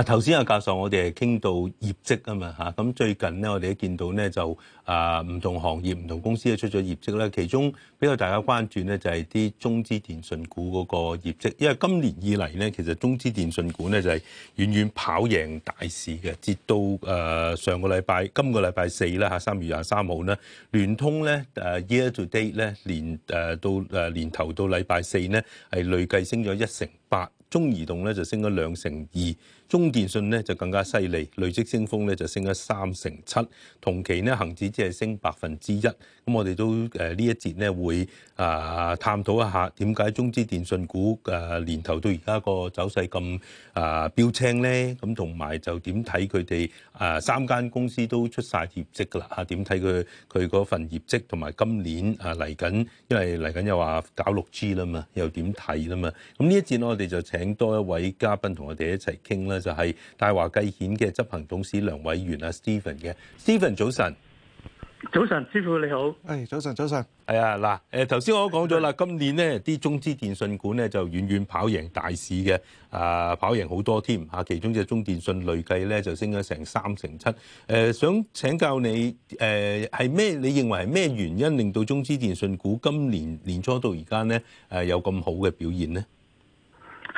嗱，頭先阿教授，我哋係傾到業績啊嘛，嚇咁最近咧，我哋都見到咧就啊唔同行業、唔同公司咧出咗業績啦。其中比較大家關注咧，就係啲中資電訊股嗰個業績，因為今年以嚟咧，其實中資電訊股咧就係遠遠跑贏大市嘅。至到誒上個禮拜、今個禮拜四啦嚇，三月廿三號咧，聯通咧誒 year to date 咧，年誒到誒年頭到禮拜四咧，係累計升咗一成八。中移動咧就升咗兩成二，中電信咧就更加犀利，累積升幅咧就升咗三成七，同期呢，恒指只係升百分之一。咁我哋都誒呢一節呢會啊探討一下點解中資電訊股誒年頭到而家個走勢咁啊標青咧？咁同埋就點睇佢哋啊三間公司都出晒業績㗎啦啊？點睇佢佢嗰份業績同埋今年啊嚟緊，因為嚟緊又話搞六 G 啦嘛，又點睇啦嘛？咁呢一節我哋就請。請多一位嘉賓同我哋一齊傾啦，就係、是、大華繼顯嘅執行董事梁偉源啊，Stephen 嘅 Stephen 早晨，早晨師傅你好，哎早晨早晨，係啊嗱，誒頭先我都講咗啦，今年呢啲中資電信股咧就遠遠跑贏大市嘅，啊跑贏好多添嚇，其中隻中電信累計咧就升咗成三成七，呃，誒想請教你誒係咩，你認為係咩原因令到中資電信股今年年初到而家呢，誒有咁好嘅表現呢？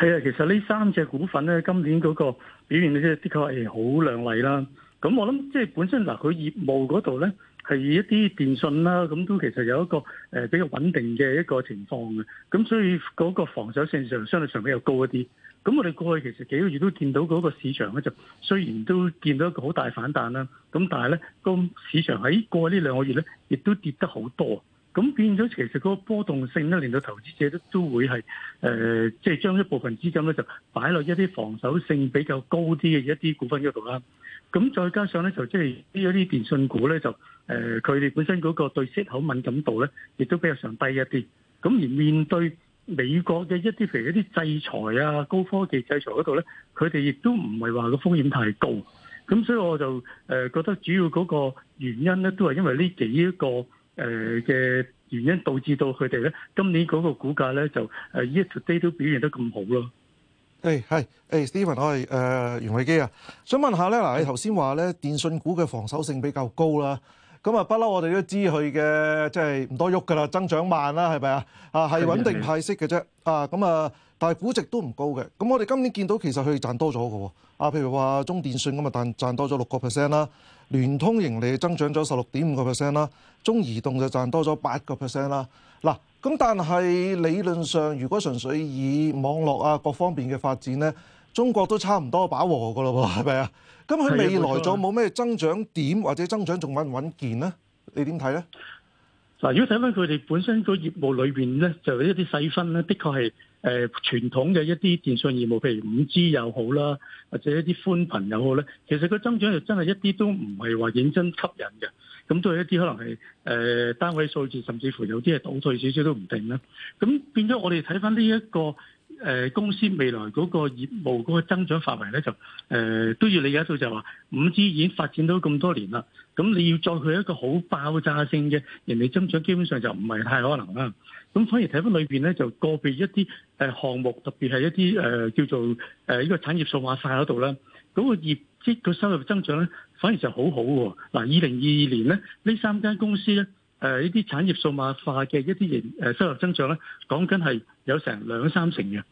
係啊，其實呢三隻股份咧，今年嗰個表現咧，即係的確係好亮麗啦。咁我諗即係本身嗱，佢業務嗰度咧，係以一啲電訊啦，咁都其實有一個誒比較穩定嘅一個情況嘅。咁所以嗰個防守性上相對上比較高一啲。咁我哋過去其實幾個月都見到嗰個市場咧，就雖然都見到一個好大反彈啦。咁但係咧，個市場喺過去呢兩個月咧，亦都跌得好多。咁變咗，其實嗰個波動性咧，令到投資者都會係誒，即、呃、係、就是、將一部分資金咧就擺落一啲防守性比較高啲嘅一啲股份嗰度啦。咁再加上咧，就即係呢一啲電訊股咧，就誒佢哋本身嗰個對息口敏感度咧，亦都比較上低一啲。咁而面對美國嘅一啲譬如一啲制裁啊、高科技制裁嗰度咧，佢哋亦都唔係話個風險太高。咁所以我就誒、呃、覺得主要嗰個原因咧，都係因為呢幾個。誒嘅原因導致到佢哋咧，今年嗰個股價咧就誒一直都表現得咁好咯。誒係誒 Stephen，我係誒、呃、袁偉基啊，想問下咧嗱，的你頭先話咧電信股嘅防守性比較高啦、啊，咁啊不嬲我哋都知佢嘅即係唔多喐噶啦，增長慢啦，係咪啊？啊係穩定派息嘅啫，啊咁啊，但係估值都唔高嘅。咁我哋今年見到其實佢賺多咗嘅喎，啊譬如話中電信咁啊，但賺多咗六個 percent 啦。啊聯通盈利增長咗十六點五個 percent 啦，中移動就賺多咗八個 percent 啦。嗱，咁但係理論上，如果純粹以網絡啊各方面嘅發展咧，中國都差唔多飽和噶咯喎，係咪啊？咁佢未來仲有冇咩增長點，或者增長仲穩唔穩健咧？你點睇咧？嗱，如果睇翻佢哋本身個業務裏邊咧，就有一啲細分咧，的確係。誒，傳統嘅一啲電訊業務，譬如五 G 又好啦，或者一啲寬頻又好咧，其實個增長就真係一啲都唔係話認真吸引嘅，咁都係一啲可能係誒、呃、單位數字，甚至乎有啲係倒退少少都唔定啦。咁變咗我哋睇翻呢一個誒、呃、公司未來嗰個業務嗰個增長範圍咧，就誒、呃、都要理解到就係話五 G 已經發展到咁多年啦，咁你要再去一個好爆炸性嘅盈利增長，基本上就唔係太可能啦。咁反而睇翻裏邊咧，就個別一啲誒項目，特別係一啲誒、呃、叫做誒呢、呃、個產業數碼化嗰度咧，嗰、那個業績個收入增長咧，反而就好好、啊、喎。嗱，二零二二年咧，呢三間公司咧，誒呢啲產業數碼化嘅一啲營誒收入增長咧，講緊係有成兩三成嘅。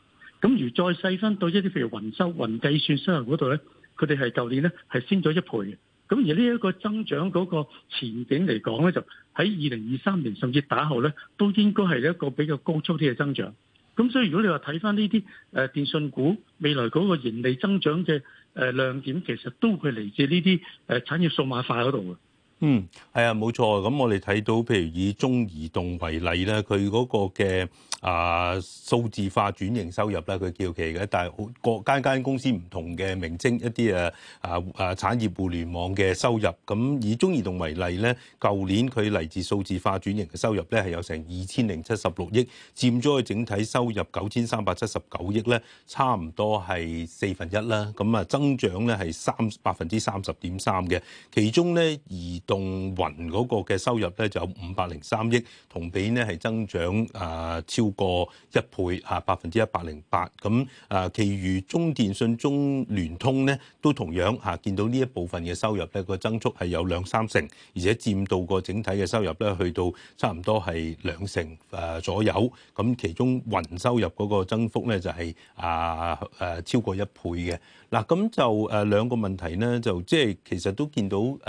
咁如再細分到一啲譬如雲收雲計算收入嗰度咧，佢哋係舊年咧係升咗一倍嘅。咁而呢一個增長嗰個前景嚟講咧，就喺二零二三年甚至打後咧，都應該係一個比較高速啲嘅增長。咁所以如果你話睇翻呢啲誒電訊股未來嗰個盈利增長嘅誒亮點，其實都係嚟自呢啲誒產業數碼化嗰度。嗯，係啊，冇錯。咁我哋睇到，譬如以中移動為例咧，佢嗰個嘅啊、呃、數字化轉型收入咧，佢叫其嘅。但係各間間公司唔同嘅名稱，一啲誒啊啊產業互聯網嘅收入。咁以中移動為例咧，舊年佢嚟自數字化轉型嘅收入咧係有成二千零七十六億，佔咗佢整體收入九千三百七十九億咧，差唔多係四分一啦。咁啊增長咧係三百分之三十點三嘅，其中咧而動雲嗰個嘅收入咧就有五百零三億，同比咧係增長啊超過一倍啊百分之一百零八咁啊，其餘中電信、中聯通咧都同樣吓見到呢一部分嘅收入咧個增速係有兩三成，而且佔到個整體嘅收入咧去到差唔多係兩成誒左右。咁其中雲收入嗰個增幅咧就係、是、啊誒、啊、超過一倍嘅嗱，咁就誒兩個問題咧就即係其實都見到誒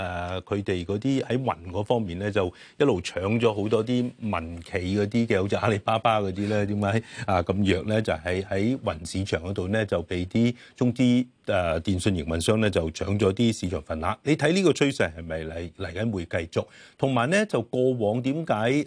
佢哋。啊嗰啲喺雲嗰方面咧，就一路搶咗好多啲民企嗰啲嘅，好似阿里巴巴嗰啲咧，點解啊咁弱咧？就係、喺、喺雲市場嗰度咧，就被啲，中資，誒電信營運商咧就搶咗啲市場份額，你睇呢個趨勢係咪嚟嚟緊會繼續？同埋咧就過往點解誒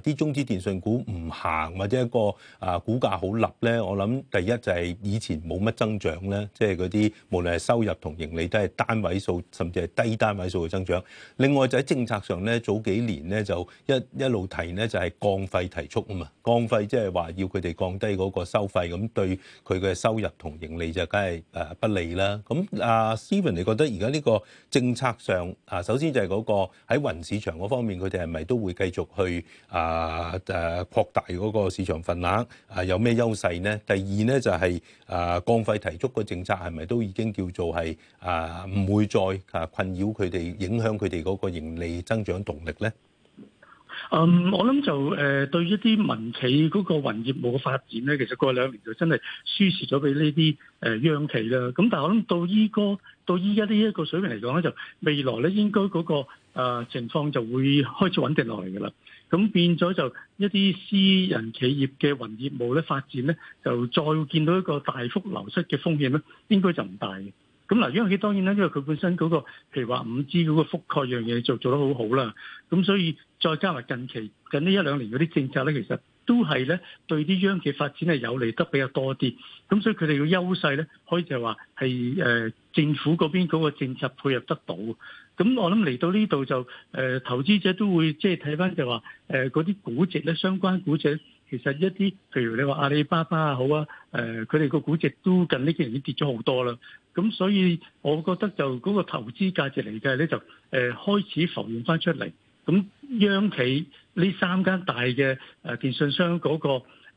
啲中資電訊股唔行或者一個誒、啊、股價好立咧？我諗第一就係以前冇乜增長咧，即係嗰啲無論係收入同盈利都係單位數甚至係低單位數嘅增長。另外就喺政策上咧，早幾年咧就一一路提呢，就係降費提速啊嘛，降費即係話要佢哋降低嗰個收費，咁對佢嘅收入同盈利就梗係誒不利。啦，咁啊 Steven，你覺得而家呢個政策上啊，首先就係嗰個喺雲市場嗰方面，佢哋係咪都會繼續去啊誒、啊、擴大嗰個市場份額？啊，有咩優勢呢？第二呢，就係、是、啊降費提速個政策係咪都已經叫做係啊唔會再啊困擾佢哋，影響佢哋嗰個盈利增長動力呢？嗯，um, 我諗就誒、呃，對一啲民企嗰個雲業務嘅發展咧，其實過兩年就真係輸蝕咗俾呢啲誒央企啦。咁但係我諗到依、這個，到依家呢一個水平嚟講咧，就未來咧應該嗰、那個誒、呃、情況就會開始穩定落嚟噶啦。咁變咗就一啲私人企業嘅雲業務咧發展咧，就再會見到一個大幅流失嘅風險咧，應該就唔大嘅。咁嗱，央企當然啦，因為佢本身嗰個譬如話五 G 嗰個覆蓋樣嘢做做得好好啦，咁所以再加埋近期近呢一兩年嗰啲政策咧，其實都係咧對啲央企發展係有利得比較多啲，咁所以佢哋嘅優勢咧可以就係話係政府嗰邊嗰個政策配合得到，咁我諗嚟到呢度就、呃、投資者都會即係睇翻就話嗰啲估值咧相關估值。其實一啲，譬如你話阿里巴巴好啊，誒佢哋個估值都近呢幾年已經跌咗好多啦。咁所以我覺得就嗰個投資價值嚟嘅咧，你就誒、呃、開始浮現翻出嚟。咁央企呢三間大嘅誒電訊商嗰、嗰個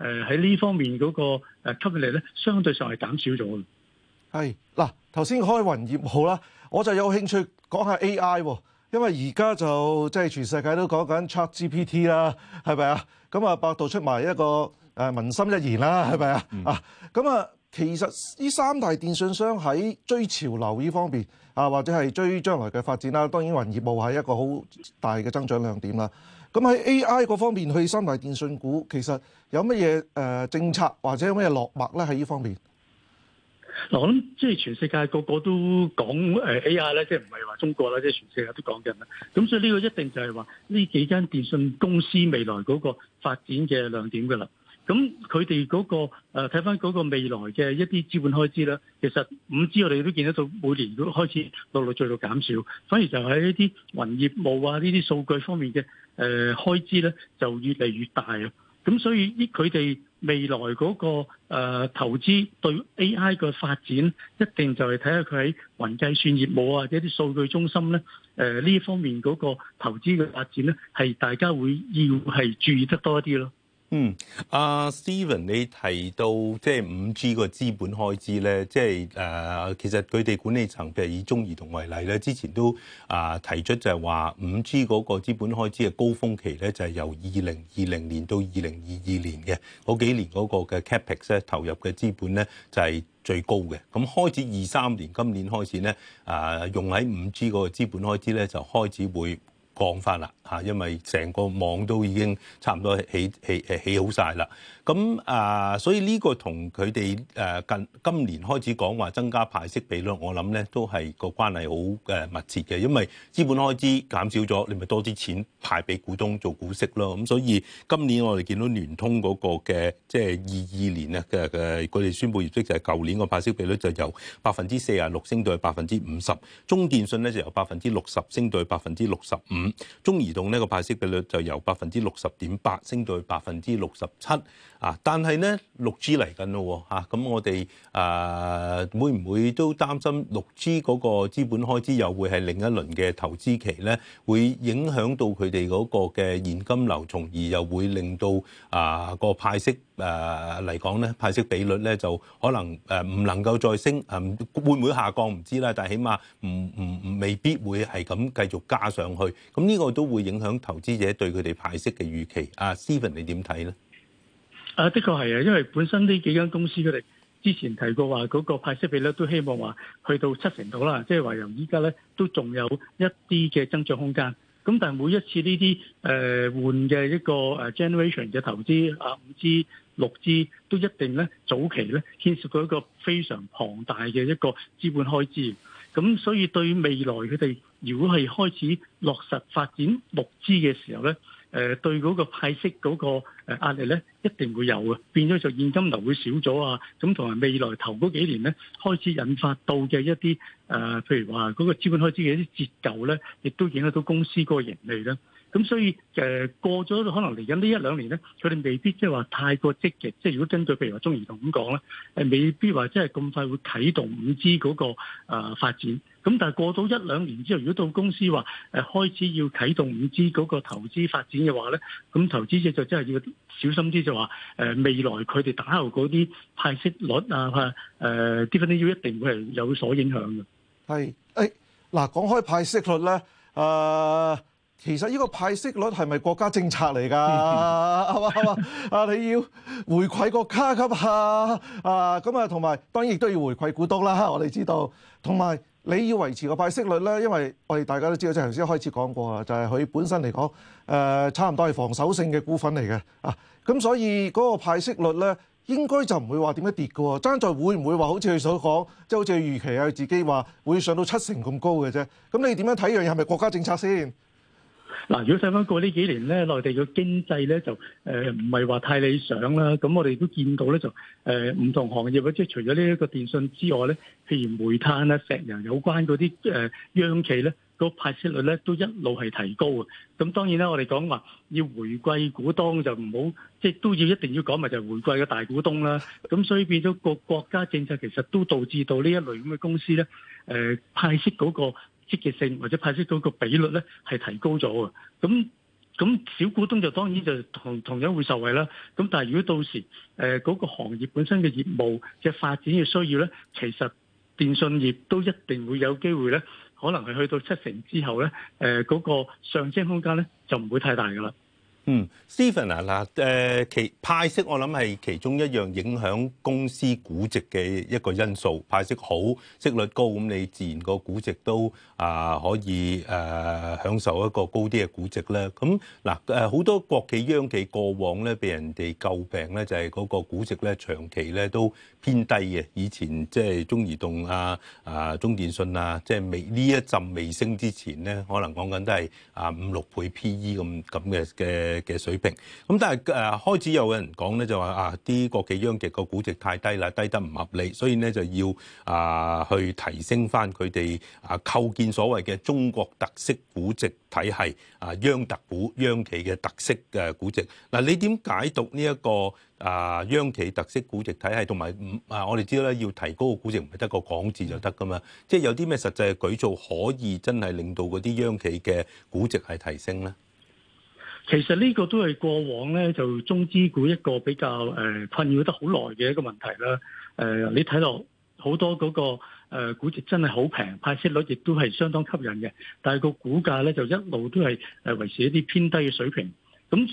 喺呢、呃、方面嗰個吸引力咧，相對上係減少咗嘅。係嗱，頭先開雲業號啦，我就有興趣講下 A I 喎。因為而家就即係全世界都講緊 Chat GPT 啦，係咪啊？咁啊，百度出埋一個文、呃、文心一言啦，係咪啊？啊，咁啊，其實呢三大電訊商喺追潮流呢方面啊，或者係追將來嘅發展啦。當然雲業務係一個好大嘅增長亮點啦。咁喺 AI 嗰方面去三大電訊股，其實有乜嘢、呃、政策或者有乜嘢落墨咧？喺呢方面？嗱，我諗即係全世界個個都講誒 A.I. 咧，即係唔係話中國啦，即係全世界都講緊啦。咁所以呢個一定就係話呢幾間電訊公司未來嗰個發展嘅亮點㗎啦。咁佢哋嗰個誒睇翻嗰個未來嘅一啲資本開支啦，其實五 G 我哋都見得到每年都開始陸陸續續減少，反而就喺呢啲雲業務啊、呢啲數據方面嘅誒開支咧，就越嚟越大啊。咁所以呢佢哋未來嗰、那個誒、呃、投資對 AI 嘅發展，一定就係睇下佢喺雲計算業務啊，或者啲數據中心咧，誒、呃、呢一方面嗰個投資嘅發展咧，係大家會要係注意得多啲咯。嗯，阿 Steven 你提到即係五 G，資、就是呃、G 個資本開支咧，即係誒其實佢哋管理層，譬如以中移動為例咧，之前都啊提出就係話五 G 嗰個資本開支嘅高峰期咧，就係由二零二零年到二零二二年嘅嗰幾年嗰個嘅 capex 咧投入嘅資本咧就係最高嘅。咁開始二三年，今年開始咧啊、呃、用喺五 G 個資本開支咧就開始會降翻啦嚇，因為成個網都已經差唔多起起誒起好晒啦。咁啊，所以呢個同佢哋誒近，近今年開始講話增加派息比率，我諗咧都係個關係好誒密切嘅，因為資本開支減少咗，你咪多啲錢派俾股東做股息咯。咁所以今年我哋見到聯通嗰個嘅即係二二年啊嘅嘅佢哋宣佈業績就係舊年個派息比率就由百分之四十六升到去百分之五十，中電信咧就由百分之六十升到去百分之六十五。中移動呢個派息比率就由百分之六十點八升到去百分之六十七。啊！但係咧，六 G 嚟緊咯，吓咁我哋誒、呃、會唔會都擔心六 G 嗰個資本開支又會係另一輪嘅投資期咧，會影響到佢哋嗰個嘅現金流，從而又會令到啊、呃、個派息誒嚟講咧，派息比率咧就可能誒唔、呃、能夠再升，誒、呃、會唔會下降唔知啦，但係起碼唔唔唔未必會係咁繼續加上去，咁呢個都會影響投資者對佢哋派息嘅預期。啊，Stephen 你點睇咧？啊，的確係啊，因為本身呢幾間公司佢哋之前提過話，嗰個派息比率都希望話去到七成度啦，即係話由依家咧都仲有一啲嘅增長空間。咁但係每一次呢啲誒換嘅一個 generation 嘅投資啊，五支六支都一定咧早期咧牽涉到一個非常龐大嘅一個資本開支。咁所以對未來佢哋如果係開始落實發展六支嘅時候咧，誒對嗰個派息嗰個。誒壓力咧一定會有嘅，變咗就現金流會少咗啊！咁同埋未來頭嗰幾年咧，開始引發到嘅一啲誒，譬如話嗰個資本開支嘅一啲折舊咧，亦都影響到公司嗰個盈利啦。咁所以誒過咗可能嚟緊呢一兩年咧，佢哋未必即係話太過積極。即係如果根據譬如話中移動咁講咧，未必話即係咁快會啟動五 G 嗰個誒發展。咁但係過到一兩年之後，如果到公司話誒開始要啟動五 G 嗰個投資發展嘅話咧，咁投資者就真係要。小心啲就話，誒未來佢哋打後嗰啲派息率啊，誒 dividend yield 一定會係有所影響嘅。係，誒，嗱，講開派息率咧，誒、呃，其實呢個派息率係咪國家政策嚟噶？係嘛係嘛，啊，你要回饋個卡級啊，啊，咁啊，同埋當然亦都要回饋股東啦。我哋知道，同埋。你要維持個派息率咧，因為我哋大家都知道，即係頭先開始講過啊，就係佢本身嚟講，誒差唔多係防守性嘅股份嚟嘅啊。咁所以嗰個派息率咧，應該就唔會話點樣跌嘅喎。爭在會唔會話好似佢所講，即係好似佢預期啊，佢自己話會上到七成咁高嘅啫。咁你點樣睇呢樣嘢係咪國家政策先？嗱，如果睇翻過呢幾年咧，內地嘅經濟咧就誒唔係話太理想啦。咁我哋都見到咧就誒唔同行業嘅，即係除咗呢一個電信之外咧，譬如煤炭啦、啊、石油有關嗰啲誒央企咧，個派息率咧都一路係提高嘅。咁當然啦，我哋講話要回饋股東就唔好，即係都要一定要講埋就係回饋嘅大股東啦。咁所以變咗個國家政策其實都導致到呢一類咁嘅公司咧，誒、呃、派息嗰個積極性或者派息嗰個比率咧係提高咗嘅，咁咁小股東就當然就同同樣會受惠啦。咁但係如果到時誒嗰、呃那個行業本身嘅業務嘅、就是、發展嘅需要咧，其實電信業都一定會有機會咧，可能係去到七成之後咧，誒、呃、嗰、那個上升空間咧就唔會太大㗎啦。嗯，Stephen 啊，嗱，誒其派息我諗係其中一樣影響公司估值嘅一個因素，派息好息率高，咁你自然個估值都啊可以誒享受一個高啲嘅估值咧。咁嗱誒好多國企央企過往咧，俾人哋詬病咧，就係嗰個估值咧長期咧都偏低嘅。以前即係中移動啊、啊中電信啊，即係未呢一陣微升之前咧，可能講緊都係啊五六倍 PE 咁咁嘅嘅，嘅水平，咁、嗯、但係誒、呃、開始有人講咧，就話啊啲國企央企個估值太低啦，低得唔合理，所以咧就要啊去提升翻佢哋啊構建所謂嘅中國特色估值體系啊央特股央企嘅特色嘅估值。嗱、啊，你點解讀呢、這、一個啊央企特色估值體系？同埋啊，我哋知道咧，要提高個估值唔係得個講字就得噶嘛，即、就、係、是、有啲咩實際嘅舉措可以真係令到嗰啲央企嘅估值係提升咧？其實呢個都係過往呢，就中資股一個比較誒、呃、困擾得好耐嘅一個問題啦。誒、呃，你睇落好多嗰、那個誒、呃、估值真係好平，派息率亦都係相當吸引嘅，但係個股價呢，就一路都係誒維持一啲偏低嘅水平。咁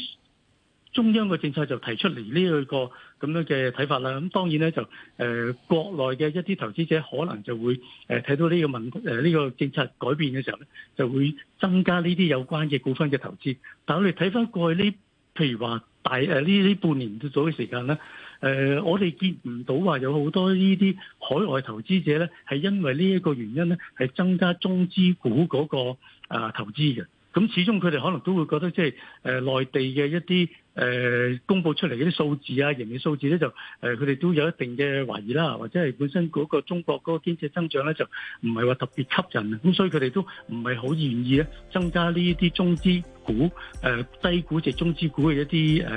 中央嘅政策就提出嚟呢一個咁樣嘅睇法啦，咁當然咧就誒、呃、國內嘅一啲投資者可能就會誒睇、呃、到呢個問誒呢、呃這個政策改變嘅時候咧，就會增加呢啲有關嘅股份嘅投資。但係我哋睇翻過去呢，譬如話大誒呢呢半年不的時間、呃、我們不到咗嘅時間咧，誒我哋見唔到話有好多呢啲海外投資者咧係因為呢一個原因咧係增加中資股嗰、那個、啊、投資嘅。咁始終佢哋可能都會覺得即係誒內地嘅一啲誒、呃、公佈出嚟嘅啲數字啊，盈利數字咧就誒佢哋都有一定嘅懷疑啦，或者係本身嗰個中國嗰個經濟增長咧就唔係話特別吸引，咁所以佢哋都唔係好願意咧增加呢一啲中資股誒、呃、低估值中資股嘅一啲誒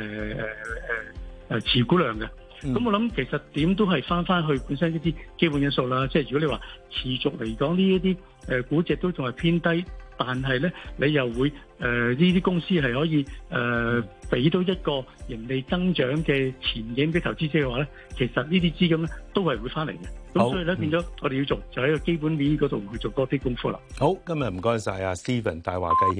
誒持股量嘅。咁、嗯、我諗其實點都係翻翻去本身一啲基本因素啦，即、就、係、是、如果你話持續嚟講呢一啲誒估值都仲係偏低。但係咧，你又會誒呢啲公司係可以誒俾到一個盈利增長嘅前景嘅投資者嘅話咧，其實呢啲資金咧都係會翻嚟嘅。咁所以咧變咗，我哋要做就喺個基本面嗰度做多啲功夫啦。好，今日唔該曬啊，Stephen 大華繼顯。